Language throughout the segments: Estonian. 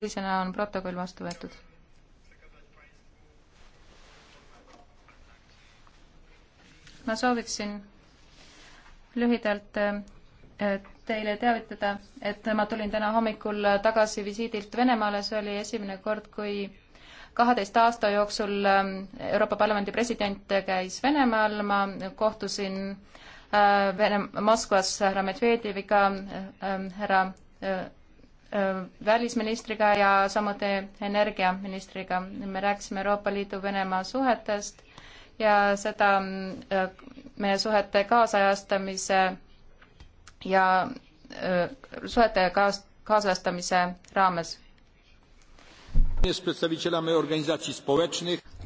sellisena on protokoll vastu võetud. ma sooviksin lühidalt äh, teile teavitada, et ma tulin täna hommikul tagasi visiidilt Venemaale, see oli esimene kord, kui kaheteist aasta jooksul ähm, Euroopa Parlamendi president käis Venemaal, ma kohtusin äh, Vene-, Moskvas härra Medvedjeviga, äh, härra Äh, välisministriga ja samuti energiaministriga. me rääkisime Euroopa Liidu Venemaa suhetest ja seda äh, meie suhete kaasajastamise ja äh, suhete kaas-, kaasajastamise raames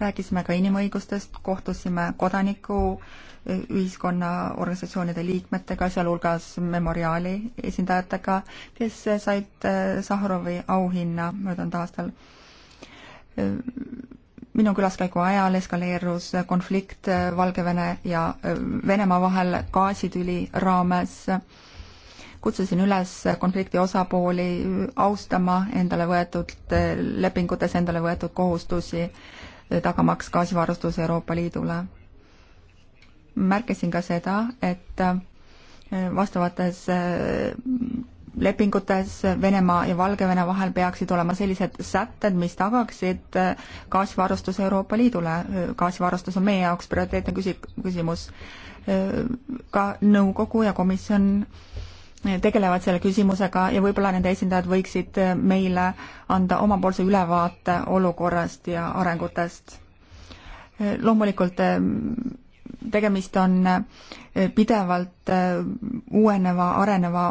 rääkisime ka inimõigustest, kohtusime kodanikuühiskonna e, organisatsioonide liikmetega, sealhulgas Memoriaali esindajatega, kes said e, Sahharovi auhinna möödunud aastal. E, minu külaskäigu ajal eskaleerus konflikt Valgevene ja Venemaa vahel gaasitüli raames kutsusin üles konflikti osapooli austama endale võetud lepingutes endale võetud kohustusi, tagamaks gaasivarustuse Euroopa Liidule. märkisin ka seda, et vastavates äh, lepingutes Venemaa ja Valgevene vahel peaksid olema sellised sätted, mis tagaksid äh, gaasivarustuse Euroopa Liidule. gaasivarustus on meie jaoks prioriteetne küsi-, küsimus. Äh, ka nõukogu ja komisjon tegelevad selle küsimusega ja võib-olla nende esindajad võiksid äh, meile anda omapoolse ülevaate olukorrast ja arengutest. Äh, loomulikult äh, tegemist on pidevalt uueneva, areneva